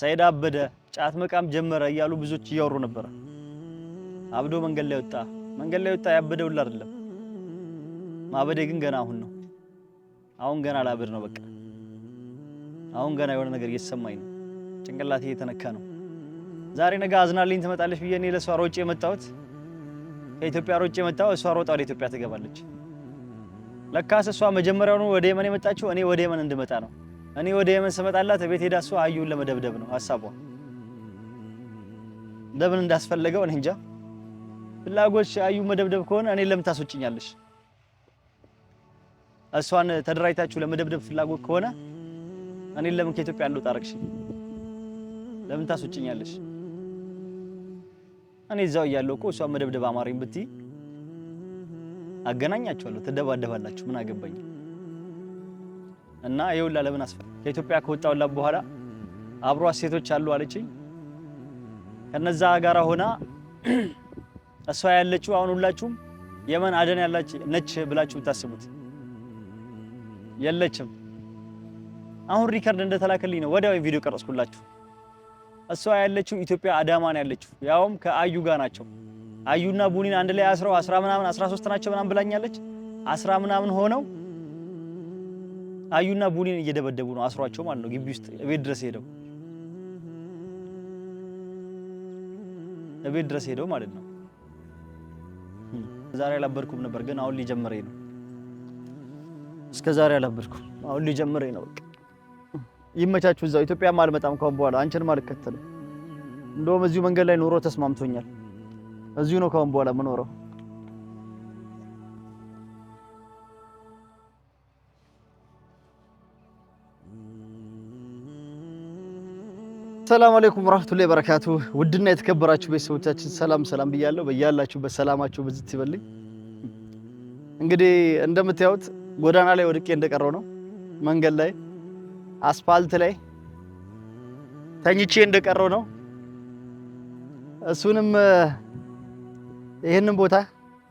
ሰይድ አበደ፣ ጫት መቃም ጀመረ እያሉ ብዙዎች እያወሩ ነበረ። አብዶ መንገድ ላይ ወጣ። መንገድ ላይ ወጣ ያበደ ሁላ አይደለም። ማበዴ ግን ገና አሁን ነው። አሁን ገና ላብድ ነው። በቃ አሁን ገና የሆነ ነገር እየተሰማኝ ነው። ጭንቅላቴ እየተነካ ነው። ዛሬ ነገ አዝናልኝ ትመጣለች ብዬ እኔ ለእሷ ሮጬ የመጣሁት ከኢትዮጵያ ሮጬ የመጣሁት እሷ ሮጣ ወደ ኢትዮጵያ ትገባለች። ለካስ እሷ መጀመሪያውኑ ወደ የመን የመጣችው እኔ ወደ የመን እንድመጣ ነው። እኔ ወደ የመን ስመጣላት ቤት ሄዳ እሷ አዩን ለመደብደብ ነው ሀሳቧ። ለምን እንዳስፈለገው እኔ እንጃ። ፍላጎች አዩ መደብደብ ከሆነ እኔ ለምን ታስወጭኛለሽ? እሷን ተደራጅታችሁ ለመደብደብ ፍላጎት ከሆነ እኔ ለምን ከኢትዮጵያ እንደው ጣረቅሽ? ለምን ታስወጭኛለሽ? እኔ እዛው እያለሁ እኮ እሷን መደብደብ አማረኝ ብትይ አገናኛችኋለሁ፣ ትደባደባላችሁ። ምን አገባኝ? እና የውላ ለምን አስፈ ከኢትዮጵያ ከወጣውላ በኋላ አብሯት ሴቶች አሉ አለችኝ። ከነዛ ጋራ ሆና እሷ ያለችው አሁን ሁላችሁም የመን አደን ያላች ነች ብላችሁ ብታስቡት የለችም። አሁን ሪከርድ እንደተላከልኝ ነው ወዲያው ቪዲዮ ቀረጽኩላችሁ። እሷ ያለችው ኢትዮጵያ አዳማን ያለችው። ያውም ከአዩ ጋር ናቸው። አዩና ቡኒን አንድ ላይ አስረው አስራ ምናምን አስራ ሶስት ናቸው ምናምን ብላኛለች። አስራ ምናምን ሆነው አዩና ቡኒን እየደበደቡ ነው፣ አስሯቸው ማለት ነው። ግቢ ውስጥ እቤት ድረስ ሄደው እቤት ድረስ ሄደው ማለት ነው። ዛሬ አላበድኩም ነበር፣ ግን አሁን ሊጀምሬ ነው። እስከ ዛሬ አላበድኩም፣ አሁን ሊጀምሬ ነው። በቃ ይመቻችሁ። እዛው ኢትዮጵያም አልመጣም ከሆን በኋላ አንቺንም አልከተልም። እንደውም እዚሁ መንገድ ላይ ኑሮ ተስማምቶኛል። እዚሁ ነው ከሆን በኋላ የምኖረው። ሰላም አለይኩም ወራህመቱላሂ ወበረካቱ። ውድና የተከበራችሁ ቤተሰቦቻችን ሰላም ሰላም ብያለሁ። በያላችሁበት ሰላማችሁ ብዝት ይበልኝ። እንግዲህ እንደምታዩት ጎዳና ላይ ወድቄ እንደቀረው ነው። መንገድ ላይ አስፋልት ላይ ተኝቼ እንደቀረው ነው። እሱንም ይህንን ቦታ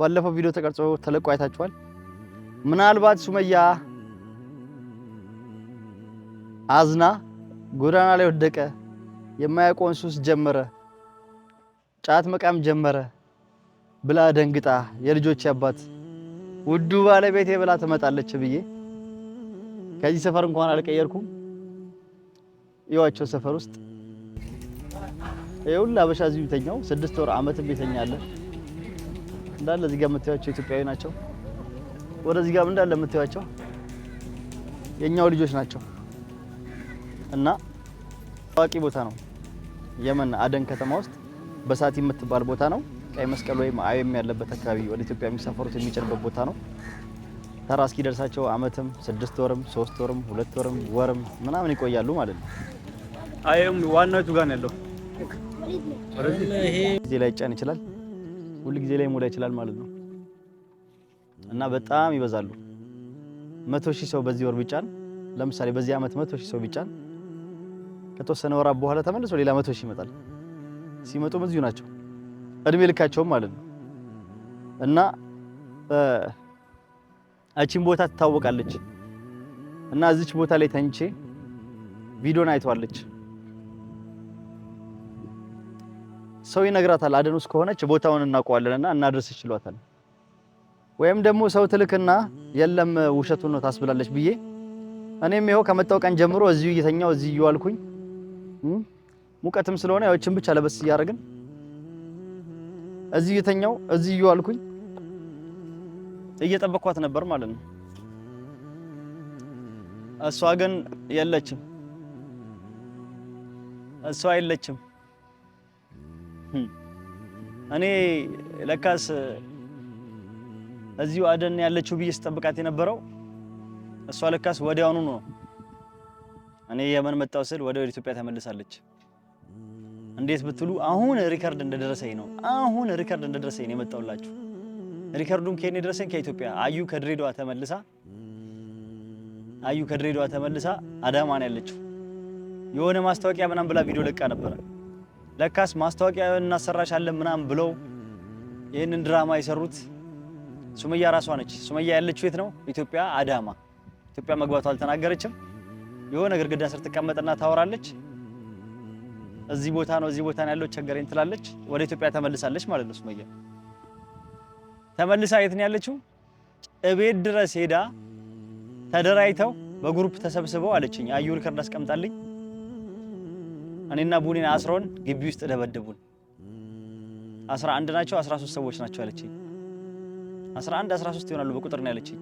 ባለፈው ቪዲዮ ተቀርጾ ተለቆ አይታችኋል። ምናልባት ሱመያ አዝና ጎዳና ላይ ወደቀ የማያውቀውን ሱስ ጀመረ፣ ጫት መቃም ጀመረ ብላ ደንግጣ የልጆች አባት ውዱ ባለቤቴ ብላ ትመጣለች ብዬ ከዚህ ሰፈር እንኳን አልቀየርኩም። ይዋቸው ሰፈር ውስጥ ይኸውልህ አበሻ እዚሁ ይተኛው ስድስት ወር አመትም ይተኛል እንዳለ እዚህ ጋር የምታዩቸው ኢትዮጵያዊ ናቸው። ወደዚህ ጋር እንዳለ የምታዩቸው የኛው ልጆች ናቸው እና ታዋቂ ቦታ ነው። የመን አደን ከተማ ውስጥ በሳት የምትባል ቦታ ነው። ቀይ መስቀል ወይም አይኤም ያለበት አካባቢ ወደ ኢትዮጵያ የሚሳፈሩት የሚጭንበት ቦታ ነው። ተራ እስኪደርሳቸው አመትም ስድስት ወርም ሶስት ወርም ሁለት ወርም ወርም ምናምን ይቆያሉ ማለት ነው። አይኤም ዋናው ጋር ያለው። ላይ ይጫን ይችላል፣ ሁል ጊዜ ላይ ሙላ ይችላል ማለት ነው። እና በጣም ይበዛሉ። መቶ ሺህ ሰው በዚህ ወር ቢጫን፣ ለምሳሌ በዚህ አመት መቶ ሺህ ሰው ቢጫን ከተወሰነ ወራት በኋላ ተመልሶ ሌላ መቶ ሺህ ይመጣል። ሲመጡም እዚሁ ናቸው እድሜ ልካቸውም ማለት ነው። እና እቺን ቦታ ትታወቃለች እና እዚች ቦታ ላይ ተኝቼ ቪዲዮን አይተዋለች። ሰው ይነግራታል፣ አደኑስ ከሆነች ቦታውን እናውቀዋለን እና እናድርስ ይችሏታል። ወይም ደግሞ ሰው ትልክና የለም ውሸቱን ነው ታስብላለች ብዬ እኔም ይኸው ከመጣው ቀን ጀምሮ እዚሁ እየተኛው እዚሁ እየዋልኩኝ ሙቀትም ስለሆነ ያዎችን ብቻ ለበስ እያደረግን እዚህ እየተኛው እዚህ እየዋልኩኝ እየጠበኳት ነበር ማለት ነው። እሷ ግን የለችም፣ እሷ የለችም። እኔ ለካስ እዚሁ አደን ያለችው ብዬ ስጠብቃት የነበረው እሷ ለካስ ወዲያውኑ ነው። እኔ የመን መጣው ስል ወደ ኢትዮጵያ ተመልሳለች። እንዴት ብትሉ አሁን ሪከርድ እንደደረሰኝ ነው። አሁን ሪከርድ እንደደረሰኝ ነው የመጣውላችሁ። ሪከርዱም ከኔ ደረሰኝ ከኢትዮጵያ አዩ ከድሬዳዋ ተመልሳ አዩ ከድሬዳዋ ተመልሳ አዳማ ነው ያለችው። የሆነ ማስታወቂያ ምናም ብላ ቪዲዮ ለቃ ነበረ። ለካስ ማስታወቂያ እናሰራሻለን ምናም ብለው ይህንን ድራማ የሰሩት ሱመያ ራሷ ነች። ሱመያ ያለችው የት ነው? ኢትዮጵያ አዳማ። ኢትዮጵያ መግባቷ አልተናገረችም። የሆነ ግድግዳ ስር ትቀመጥና ታወራለች። እዚህ ቦታ ነው እዚህ ቦታ ነው ያለው ቸገረኝ ትላለች። ወደ ኢትዮጵያ ተመልሳለች ማለት ነው። ሱመያ ተመልሳ የት ነው ያለችው? እቤት ድረስ ሄዳ ተደራይተው በግሩፕ ተሰብስበው አለችኝ። አዩ ሪከርድ አስቀምጣልኝ። እኔና ቡኒን አስሮን ግቢ ውስጥ ደበደቡን። 11 ናቸው 13 ሰዎች ናቸው ያለችኝ። 11 13 ይሆናሉ በቁጥር ነው ያለችኝ።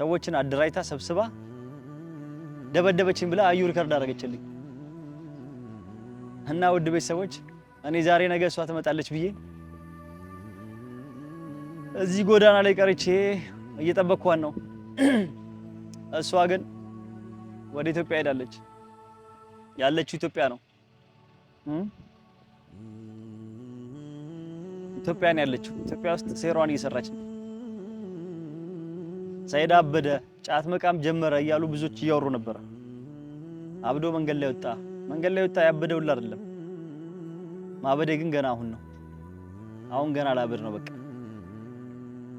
ሰዎችን አደራይታ ሰብስባ ደበደበችን ብላ አዩ ሪከርድ አደረገችልኝ። እና ውድ ቤተሰቦች እኔ ዛሬ ነገ እሷ ትመጣለች ብዬ እዚህ ጎዳና ላይ ቀርቼ እየጠበቅኳን ነው። እሷ ግን ወደ ኢትዮጵያ ሄዳለች። ያለችው ኢትዮጵያ ነው። ኢትዮጵያ ነው ያለችው። ኢትዮጵያ ውስጥ ሴሯን እየሰራች ነው። ሰይድ አበደ፣ ጫት መቃም ጀመረ እያሉ ብዙዎች እያወሩ ነበረ። አብዶ መንገድ ላይ ወጣ። መንገድ ላይ ወጣ ያበደ ሁላ አይደለም። ማበደ ግን ገና አሁን ነው። አሁን ገና ላበድ ነው። በቃ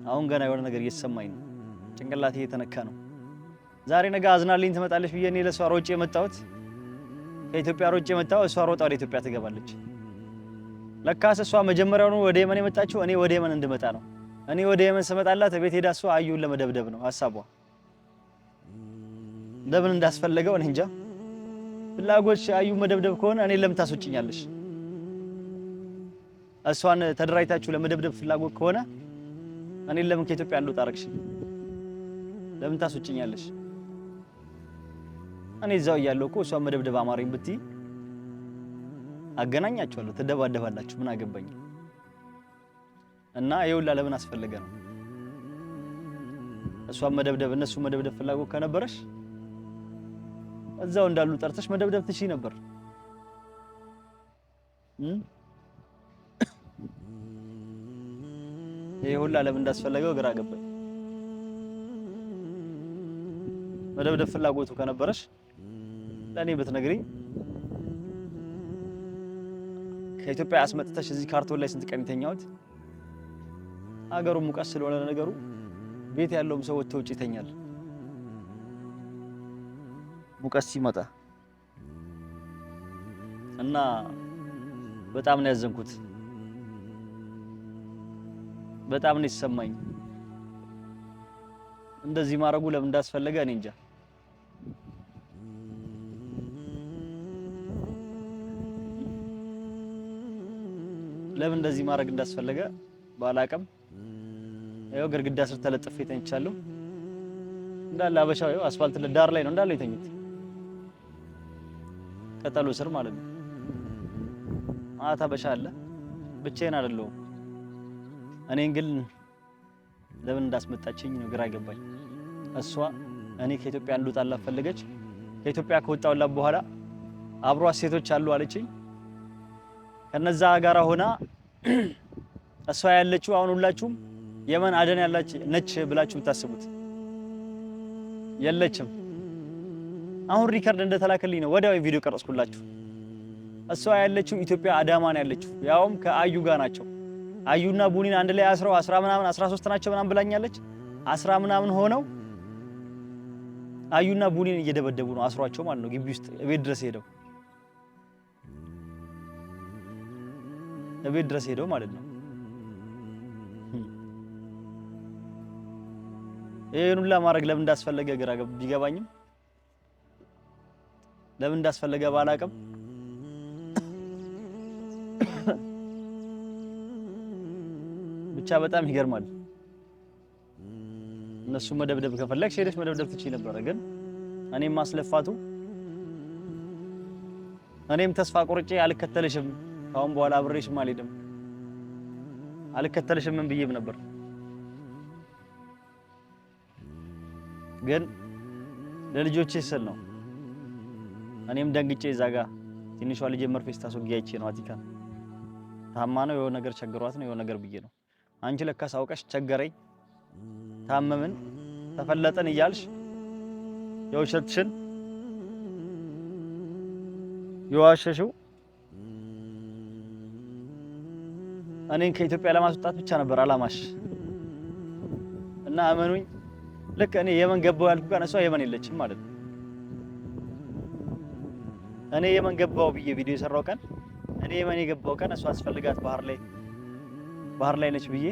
አሁን ገና የሆነ ነገር እየተሰማኝ ነው። ጭንቅላቴ እየተነካ ነው። ዛሬ ነገ አዝናልኝ ትመጣለች ብዬ እኔ ለእሷ ሮጬ የመጣሁት ከኢትዮጵያ ሮጬ የመጣሁ እሷ ሮጣ ወደ ኢትዮጵያ ትገባለች። ለካስ እሷ መጀመሪያውኑ ወደ የመን የመጣችው እኔ ወደ የመን እንድመጣ ነው። እኔ ወደ የመን ስመጣላት ቤት ሄዳ እሷ አዩን ለመደብደብ ነው ሀሳቧ። ለምን እንዳስፈለገው እኔ እንጃ። ፍላጎት አዩ መደብደብ ከሆነ እኔ ለምን ታስወጭኛለሽ? እሷን ተደራጅታችሁ ለመደብደብ ፍላጎት ከሆነ እኔ ለምን ከኢትዮጵያ አንዱ ጣረክሽ? ለምን ታስወጭኛለሽ? እኔ እዛው እያለሁ እኮ እሷን መደብደብ አማረኝ ብትይ አገናኛችኋለሁ፣ ትደባደባላችሁ። ምን አገባኝ? እና ይኸውላ ለምን አስፈለገ ነው። እሷን መደብደብ እነሱ መደብደብ ፍላጎት ከነበረሽ እዛው እንዳሉ ጠርተሽ መደብደብ ትሺ ነበር። ይሄ ሁላ ለምን እንዳስፈለገው ግራ ገባኝ። መደብደብ ፍላጎቱ ከነበረሽ ለእኔ ብትነግሪኝ ከኢትዮጵያ አስመጥተሽ እዚህ ካርቶን ላይ ስንት ቀን ይተኛሁት አገሩ ሙቀት ስለሆነ ነገሩ ቤት ያለውም ሰው ወጥቶ ውጭ ይተኛል። ሙቀት ሲመጣ እና በጣም ነው ያዘንኩት። በጣም ነው የተሰማኝ። እንደዚህ ማድረጉ ለምን እንዳስፈለገ እኔ እንጃ። ለምን እንደዚህ ማድረግ እንዳስፈለገ ባላቅም ያው ግድግዳ ስር ተለጥፌ ተኝቻለሁ። እንዳለ አበሻው ያው አስፋልት ዳር ላይ ነው እንዳለ የተኙት ቅጠሉ ስር ማለት ነው። ማታ አበሻ አለ። ብቻዬን አይደለሁም። እኔን ግን ለምን እንዳስመጣችኝ ነው ግራ አይገባኝ። እሷ እኔ ከኢትዮጵያ እንድወጣላት ፈለገች። ከኢትዮጵያ ከወጣሁላት በኋላ አብሯት ሴቶች አሉ አለችኝ። ከነዛ ጋራ ሆና እሷ ያለችው አሁን ሁላችሁም የመን አደን ያላች ነች ብላችሁ የምታስቡት የለችም። አሁን ሪከርድ እንደተላከልኝ ነው ወዲያው ቪዲዮ ቀረጽኩላችሁ። እሷ ያለችው ኢትዮጵያ አዳማ ነው ያለችው። ያውም ከአዩ ጋር ናቸው። አዩና ቡኒን አንድ ላይ አስረው አስራ ምናምን አስራ ሶስት ናቸው ምናምን ብላኛለች። አስራ ምናምን ሆነው አዩና ቡኒን እየደበደቡ ነው አስሯቸው ማለት ነው። ግቢ ውስጥ እቤት ድረስ ሄደው እቤት ድረስ ሄደው ማለት ነው። ይሄን ሁላ ማድረግ ለምን እንዳስፈለገ ግራ ቢገባኝም ለምን እንዳስፈለገ ባላቅም ብቻ በጣም ይገርማል። እነሱ መደብደብ ከፈለግሽ ሄደሽ መደብደብ ትችይ ነበረ፣ ግን እኔም ማስለፋቱ እኔም ተስፋ ቆርጬ አልከተልሽም፣ ካሁን በኋላ አብሬሽም አልሄድም፣ አልከተልሽም ምን ብዬም ነበር ግን ለልጆቼ ስል ነው። እኔም ደንግጬ እዛ ጋ ትንሿ ልጅ መርፌ ስታስወጊያ አይቼ ነው። አቲካ ታማ ነው የሆነ ነገር ቸግሯት ነው የሆነ ነገር ብዬ ነው። አንቺ ለካ ሳውቀሽ ቸገረኝ፣ ታመምን፣ ተፈለጠን እያልሽ የውሸትሽን የዋሸሽው እኔን ከኢትዮጵያ ለማስወጣት ብቻ ነበር አላማሽ እና እመኑኝ ልክ እኔ የመን ገባው ያልኩ ቀን እሷ የመን የለችም ማለት ነው። እኔ የመን ገባው ብዬ ቪዲዮ የሰራው ቀን እኔ የመን የገባው ቀን እሷ አስፈልጋት ባህር ላይ ባህር ላይ ነች ብዬ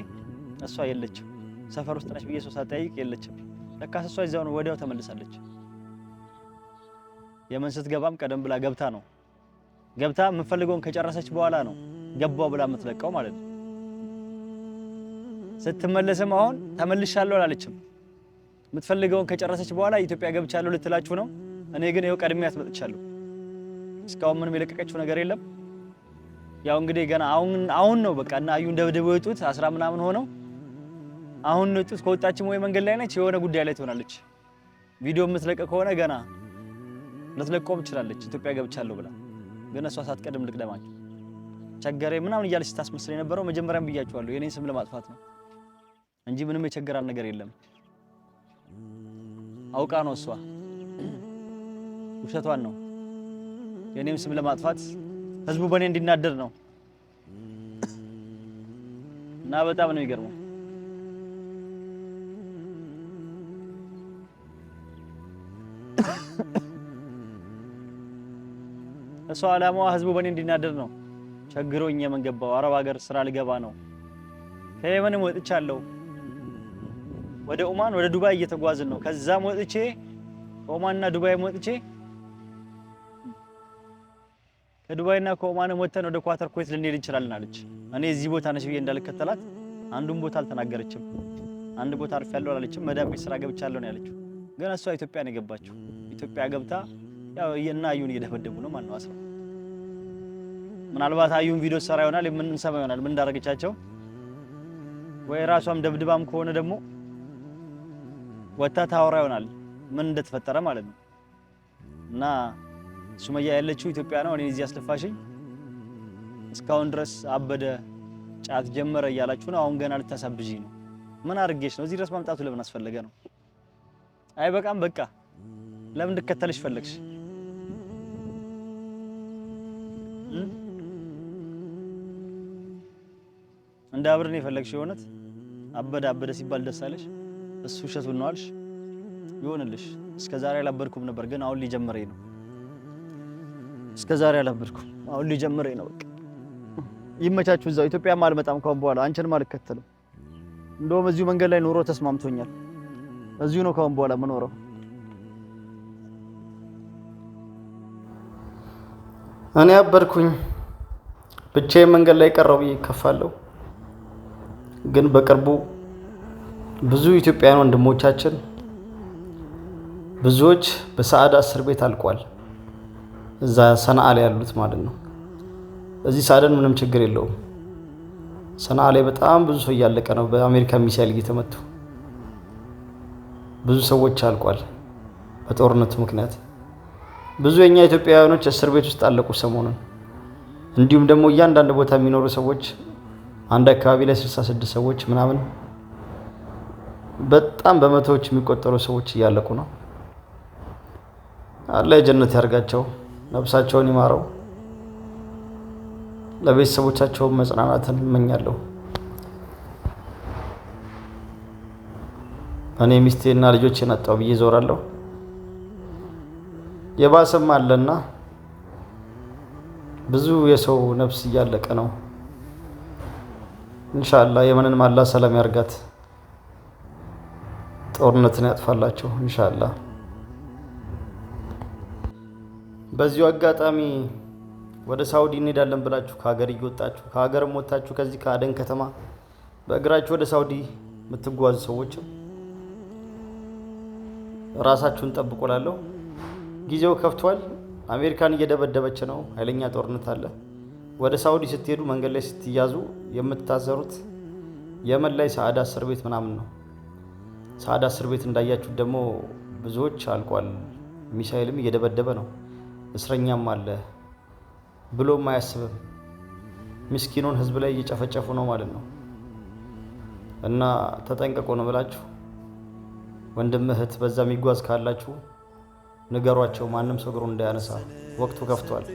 እሷ የለችም። ሰፈር ውስጥ ነች ብዬ ሰው ሳጠያይቅ የለችም። ለካስ እሷ እዛው ነው፣ ወዲያው ተመልሳለች። የመን ስትገባም ቀደም ብላ ገብታ ነው ገብታ የምፈልገውን ከጨረሰች በኋላ ነው ገባው ብላ የምትለቀው ማለት ነው። ስትመለስም አሁን ተመልሻለሁ አላለችም። የምትፈልገውን ከጨረሰች በኋላ ኢትዮጵያ ገብቻለሁ ልትላችሁ ነው። እኔ ግን ይኸው ቀድሜ አስመጥቻለሁ። እስካሁን ምንም የለቀቀችው ነገር የለም። ያው እንግዲህ ገና አሁን አሁን ነው በቃ እና አዩን ደብድበው የወጡት አስራ ምናምን ሆነው አሁን ነው የወጡት። ከወጣችም ወይ መንገድ ላይ ነች፣ የሆነ ጉዳይ ላይ ትሆናለች። ቪዲዮ የምትለቀ ከሆነ ገና ልትለቆም ትችላለች። ኢትዮጵያ ገብቻለሁ ብላ ግን እሷ ሳትቀድም ልቅደማቸው ቸገሬ ምናምን እያለች ስታስመስል የነበረው መጀመሪያም ብያችኋለሁ የኔን ስም ለማጥፋት ነው እንጂ ምንም የቸገራል ነገር የለም። አውቃ ነው እሷ ውሸቷን ነው። የእኔም ስም ለማጥፋት ህዝቡ በእኔ እንዲናደር ነው እና በጣም ነው የሚገርመው። እሷ አላማዋ ህዝቡ በእኔ እንዲናደር ነው። ቸግሮኝ የምንገባው አረብ ሀገር ስራ ልገባ ነው። ከየመንም ወጥቻለሁ። ወደ ኦማን ወደ ዱባይ እየተጓዝን ነው። ከዛ ወጥቼ ኦማንና ዱባይ ወጥቼ ከዱባይና ከኦማን ወጥተን ወደ ኳተር ኩዌት ልንሄድ እንችላለን አለች። እኔ እዚህ ቦታ ነሽ ብዬ እንዳልከተላት አንዱን ቦታ አልተናገረችም። አንድ ቦታ አርፌያለሁ አላለችም። መዳም ቤት ስራ ገብቻለሁ ነው ያለችው። ግን እሷ ኢትዮጵያ ነው የገባችው። ኢትዮጵያ ገብታ ያው እና አዩን እየደበደቡ ነው። ማን ነው ምናልባት አዩን ቪዲዮ ሰራ ይሆናል፣ የምንሰማ ይሆናል ምን እንዳደረገቻቸው ወይ ራሷም ደብድባም ከሆነ ደግሞ ወታ ታወራ ይሆናል ምን እንደተፈጠረ ማለት ነው። እና ሱመያ ያለችው ኢትዮጵያ ነው። እኔ እዚህ አስለፋሽኝ እስካሁን ድረስ አበደ ጫት ጀመረ እያላችሁ ነው። አሁን ገና ልታሳብዥኝ ነው። ምን አድርጌሽ ነው? እዚህ ድረስ ማምጣቱ ለምን አስፈለገ ነው? አይ በቃም በቃ ለምን እንድከተልሽ ፈለግሽ? እንደ አብርን የፈለግሽ የእውነት አበደ አበደ ሲባል ደስ አለሽ? እሱ ውሸት ብነው አልሽ። ይሆንልሽ። እስከ ዛሬ አላበድኩም ነበር፣ ግን አሁን ሊጀምረኝ ነው። እስከ ዛሬ አላበድኩም፣ አሁን ሊጀምረኝ ነው። በቃ ይመቻችሁ። እዛው ኢትዮጵያም አልመጣም ካሁን በኋላ አንቺንም አልከተልም። እንደውም እዚሁ መንገድ ላይ ኑሮ ተስማምቶኛል። እዚሁ ነው ካሁን በኋላ የምኖረው። እኔ አበድኩኝ፣ ብቻዬን መንገድ ላይ ቀረው ብዬ ይከፋለሁ፣ ግን በቅርቡ ብዙ ኢትዮጵያውያን ወንድሞቻችን ብዙዎች በሰአዳ እስር ቤት አልቋል። እዛ ሰናአ ላይ ያሉት ማለት ነው። እዚህ ሳደን ምንም ችግር የለውም። ሰናአ ላይ በጣም ብዙ ሰው እያለቀ ነው። በአሜሪካ ሚሳይል እየተመቱ ብዙ ሰዎች አልቋል በጦርነቱ ምክንያት። ብዙ የኛ ኢትዮጵያውያኖች እስር ቤት ውስጥ አለቁ ሰሞኑን። እንዲሁም ደግሞ እያንዳንድ ቦታ የሚኖሩ ሰዎች አንድ አካባቢ ላይ 66 ሰዎች ምናምን በጣም በመቶዎች የሚቆጠሩ ሰዎች እያለቁ ነው። አላህ የጀነት ያርጋቸው፣ ነፍሳቸውን ይማረው። ለቤተሰቦቻቸው መጽናናትን እመኛለሁ። እኔ ሚስቴና ልጆች የነጣው ብዬ ዞራለሁ። የባሰም አለና ብዙ የሰው ነፍስ እያለቀ ነው። እንሻላ የመንን ማላ ሰላም ያርጋት። ጦርነትን ያጥፋላቸው እንሻላ። በዚሁ አጋጣሚ ወደ ሳውዲ እንሄዳለን ብላችሁ ከሀገር እየወጣችሁ ከሀገርም ወጥታችሁ ከዚህ ከአደን ከተማ በእግራችሁ ወደ ሳውዲ የምትጓዙ ሰዎችም ራሳችሁን ጠብቁ እላለሁ። ጊዜው ከፍቷል። አሜሪካን እየደበደበች ነው። ኃይለኛ ጦርነት አለ። ወደ ሳውዲ ስትሄዱ መንገድ ላይ ስትያዙ የምትታሰሩት የመን ላይ ሰአዳ እስር ቤት ምናምን ነው። ሳዳ እስር ቤት እንዳያችሁ ደግሞ ብዙዎች አልቋል። ሚሳኤልም እየደበደበ ነው፣ እስረኛም አለ ብሎም አያስብም። ምስኪኑን ህዝብ ላይ እየጨፈጨፉ ነው ማለት ነው። እና ተጠንቀቁ ነው ብላችሁ ወንድም እህት በዛ የሚጓዝ ካላችሁ ንገሯቸው። ማንም ሰው እግሩን እንዳያነሳ ወቅቱ ከፍቷል።